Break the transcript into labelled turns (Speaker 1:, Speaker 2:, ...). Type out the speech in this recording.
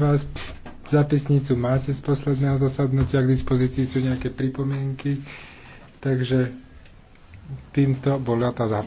Speaker 1: vás zapisnicu máte z posledného zasadnutia, k dispozícii sú nejaké pripomienky, takže týmto bola tá